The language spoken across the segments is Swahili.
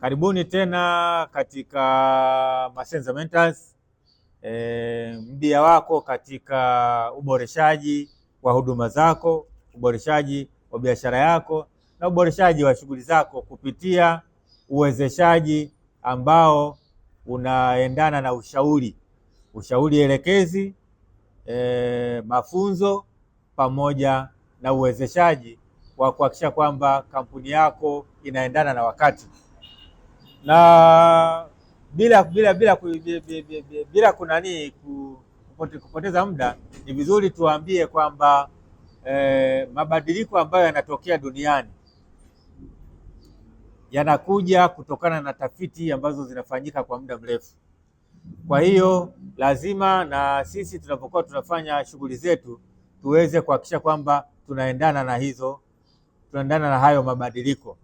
Karibuni tena katika Masenza Mentors, e, mdia wako katika uboreshaji wa huduma zako, uboreshaji wa biashara yako na uboreshaji wa shughuli zako kupitia uwezeshaji ambao unaendana na ushauri, ushauri elekezi, e, mafunzo pamoja na uwezeshaji wa kuhakikisha kwamba kampuni yako inaendana na wakati na bila bila bila bila kunani kupoteza muda, ni vizuri tuambie kwamba eh, mabadiliko ambayo yanatokea duniani yanakuja kutokana na tafiti ambazo zinafanyika kwa muda mrefu. Kwa hiyo lazima na sisi tunapokuwa tunafanya shughuli zetu tuweze kuhakikisha kwamba tunaendana na hizo tunaendana na hayo mabadiliko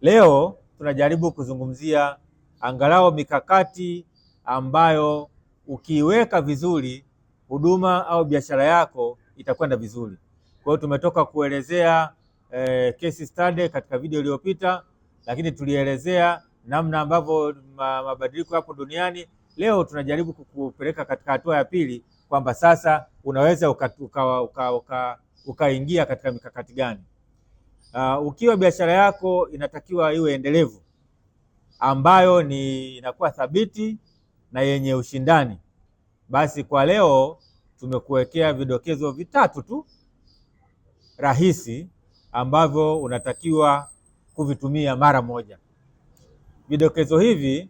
leo tunajaribu kuzungumzia angalau mikakati ambayo ukiiweka vizuri huduma au biashara yako itakwenda vizuri. Kwa hiyo tumetoka kuelezea eh, case study katika video iliyopita, lakini tulielezea namna ambavyo mabadiliko yapo duniani. Leo tunajaribu kukupeleka katika hatua ya pili kwamba sasa unaweza ukaingia uka, uka, uka, uka katika mikakati gani. Uh, ukiwa biashara yako inatakiwa iwe endelevu ambayo ni inakuwa thabiti na yenye ushindani. Basi kwa leo tumekuwekea vidokezo vitatu tu rahisi ambavyo unatakiwa kuvitumia mara moja. Vidokezo hivi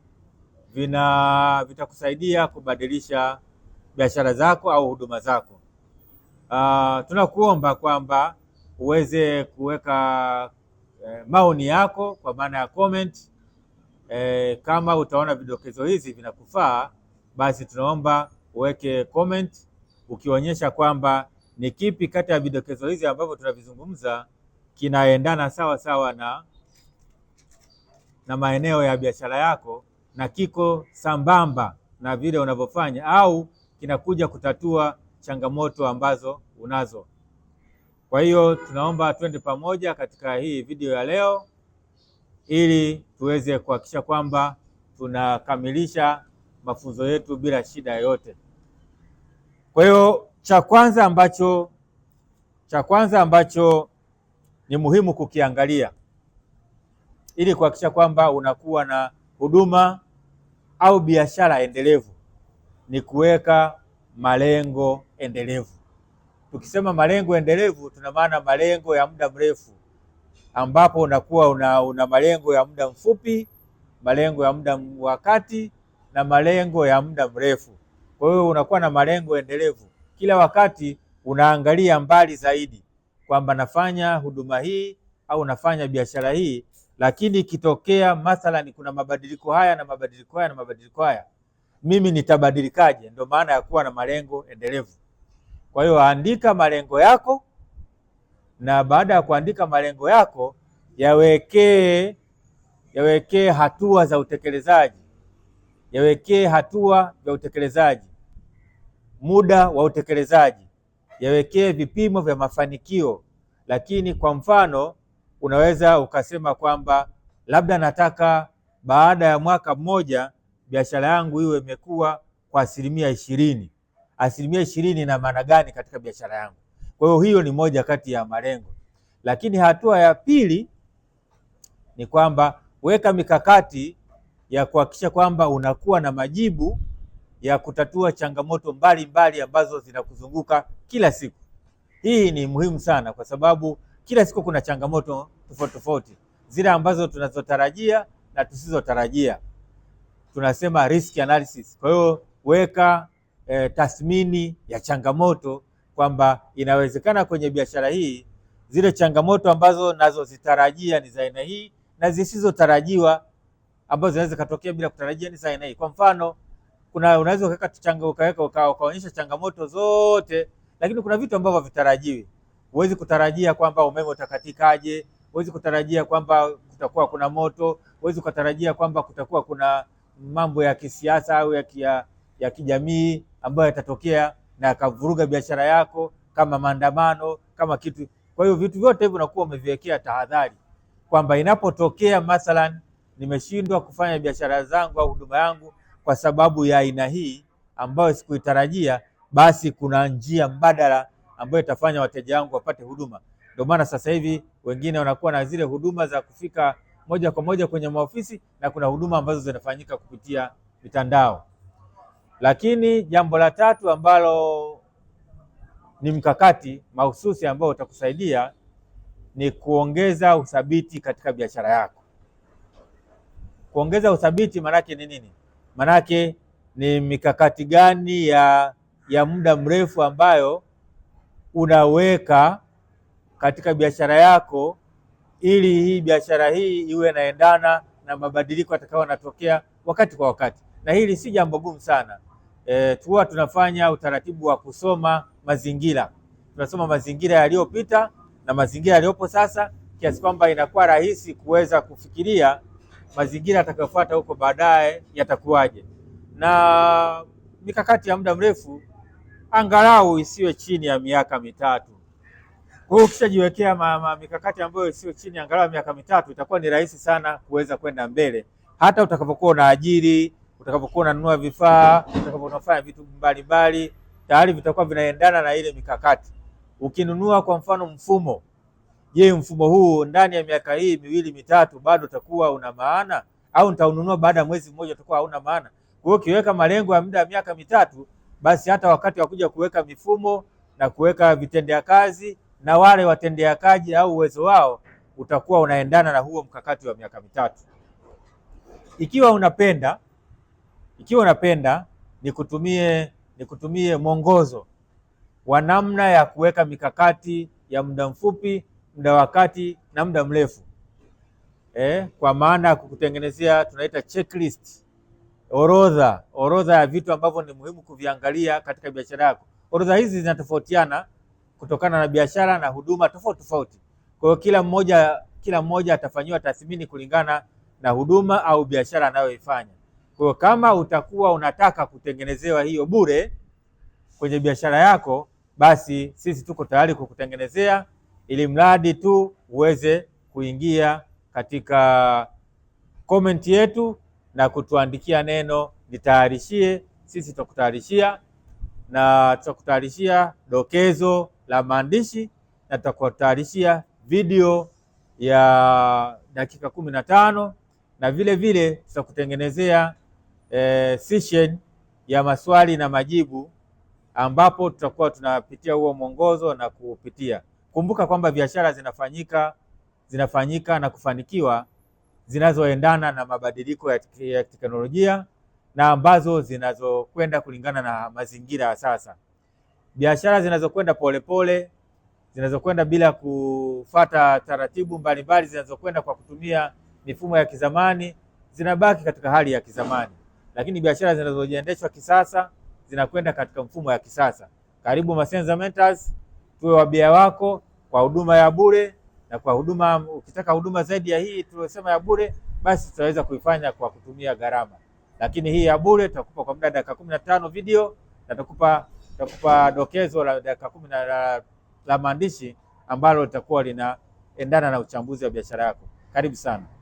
vina vitakusaidia kubadilisha biashara zako au huduma zako. Uh, tunakuomba kwamba uweze kuweka eh, maoni yako kwa maana ya comment. Eh, kama utaona vidokezo hizi vinakufaa, basi tunaomba uweke comment ukionyesha kwamba ni kipi kati ya vidokezo hizi ambavyo tunavizungumza kinaendana sawa sawa na, na maeneo ya biashara yako na kiko sambamba na vile unavyofanya au kinakuja kutatua changamoto ambazo unazo. Kwa hiyo tunaomba twende pamoja katika hii video ya leo ili tuweze kuhakikisha kwamba tunakamilisha mafunzo yetu bila shida yoyote. Kwa hiyo cha kwanza ambacho cha kwanza ambacho ni muhimu kukiangalia ili kuhakikisha kwamba unakuwa na huduma au biashara endelevu ni kuweka malengo endelevu. Tukisema malengo endelevu, tuna maana malengo ya muda mrefu, ambapo unakuwa una, una malengo ya muda mfupi, malengo ya muda wa kati na malengo ya muda mrefu. Kwa hiyo unakuwa na malengo endelevu, kila wakati unaangalia mbali zaidi kwamba nafanya huduma hii au nafanya biashara hii, lakini ikitokea mathalani kuna mabadiliko haya na mabadiliko haya na mabadiliko haya, mimi nitabadilikaje? Ndio maana ya kuwa na malengo endelevu. Kwa hiyo andika malengo yako, na baada ya kuandika malengo yako yawekee yawekee hatua za utekelezaji, yawekee hatua vya utekelezaji, muda wa utekelezaji, yawekee vipimo vya mafanikio. Lakini kwa mfano, unaweza ukasema kwamba labda nataka baada ya mwaka mmoja biashara yangu iwe imekuwa kwa asilimia ishirini asilimia ishirini na maana gani katika biashara yangu? Kwa hiyo hiyo ni moja kati ya malengo, lakini hatua ya pili ni kwamba weka mikakati ya kuhakikisha kwamba unakuwa na majibu ya kutatua changamoto mbalimbali mbali ambazo zinakuzunguka kila siku. Hii ni muhimu sana kwa sababu kila siku kuna changamoto tofauti tofauti, zile ambazo tunazotarajia na tusizotarajia, tunasema risk analysis. Kwa hiyo weka e, tathmini ya changamoto kwamba inawezekana kwenye biashara hii zile changamoto ambazo nazozitarajia ni za aina hii na zisizotarajiwa ambazo zinaweza katokea bila kutarajia ni za aina hii. Kwa mfano, kuna unaweza ukaweka ukaonyesha changamoto zote, lakini kuna vitu ambavyo havitarajiwi. Huwezi kutarajia kwamba umeme utakatikaje, huwezi kutarajia kwamba kutakuwa kuna moto, huwezi kutarajia kwamba kutakuwa kuna mambo ya kisiasa au ya, ya, ya kijamii ambayo yatatokea na yakavuruga biashara yako, kama maandamano, kama kitu. Kwa hiyo vitu vyote hivyo unakuwa umeviwekea tahadhari kwamba inapotokea mathalan nimeshindwa kufanya biashara zangu au huduma yangu kwa sababu ya aina hii ambayo sikuitarajia, basi kuna njia mbadala ambayo itafanya wateja wangu wapate huduma. Ndio maana sasa hivi wengine wanakuwa na zile huduma za kufika moja kwa moja kwenye maofisi na kuna huduma ambazo zinafanyika kupitia mitandao. Lakini jambo la tatu ambalo ni mkakati mahususi ambao utakusaidia ni kuongeza uthabiti katika biashara yako. Kuongeza uthabiti maanake ni nini? Maanake ni mikakati gani ya, ya muda mrefu ambayo unaweka katika biashara yako ili hii biashara hii iwe naendana na mabadiliko yatakayo yanatokea wakati kwa wakati, na hili si jambo gumu sana e, tuwa tunafanya utaratibu wa kusoma mazingira. Tunasoma mazingira yaliyopita na mazingira yaliyopo sasa, kiasi kwamba inakuwa rahisi kuweza kufikiria mazingira yatakayofuata huko baadaye yatakuwaje, na mikakati ya muda mrefu angalau isiwe chini ya miaka mitatu. Kwa hiyo ukishajiwekea mikakati ambayo isiwe chini angalau miaka mitatu, itakuwa ni rahisi sana kuweza kwenda mbele, hata utakapokuwa unaajiri, utakapokuwa unanunua vifaa, utakapokuwa unafanya vitu mbalimbali tayari vitakuwa vinaendana na ile mikakati. Ukinunua kwa mfano mfumo, je, mfumo huu ndani ya miaka hii miwili mitatu bado utakuwa una maana au nitaununua baada ya mwezi mmoja utakuwa hauna maana? Kwa hiyo ukiweka malengo ya muda ya miaka mitatu, basi hata wakati wa kuja kuweka mifumo na kuweka vitendea kazi na wale watendea kazi au uwezo wao utakuwa unaendana na huo mkakati wa miaka mitatu. Ikiwa unapenda ikiwa unapenda nikutumie nikutumie mwongozo wa namna ya kuweka mikakati ya muda mfupi, muda wa kati na muda mrefu eh, kwa maana ya kukutengenezea tunaita checklist, orodha orodha ya vitu ambavyo ni muhimu kuviangalia katika biashara yako. Orodha hizi zinatofautiana kutokana na biashara na huduma tofauti tofauti. Kwa hiyo kila mmoja kila mmoja atafanyiwa tathmini kulingana na huduma au biashara anayoifanya. Kwa hiyo kama utakuwa unataka kutengenezewa hiyo bure kwenye biashara yako, basi sisi tuko tayari kukutengenezea, ili mradi tu uweze kuingia katika komenti yetu na kutuandikia neno nitayarishie. Sisi tutakutayarishia na tutakutayarishia dokezo la maandishi na tutakutayarishia video ya dakika kumi na tano na vile vile tutakutengenezea eh, session ya maswali na majibu ambapo tutakuwa tunapitia huo mwongozo na kupitia. Kumbuka kwamba biashara zinafanyika zinafanyika na kufanikiwa zinazoendana na mabadiliko ya teknolojia na ambazo zinazokwenda kulingana na mazingira ya sasa. Biashara zinazokwenda polepole, zinazokwenda bila kufata taratibu mbalimbali, zinazokwenda kwa kutumia mifumo ya kizamani zinabaki katika hali ya kizamani lakini biashara zinazojiendeshwa kisasa zinakwenda katika mfumo ya kisasa. Karibu Masenza Mentors, tuwe wabia wako kwa huduma ya bure na kwa huduma, ukitaka huduma zaidi ya hii tuliosema ya bure, basi tutaweza kuifanya kwa kutumia gharama, lakini hii ya bure tutakupa kwa muda wa dakika kumi na tano video na tutakupa tutakupa dokezo la dakika kumi na la, la maandishi ambalo litakuwa linaendana na uchambuzi wa biashara yako. Karibu sana.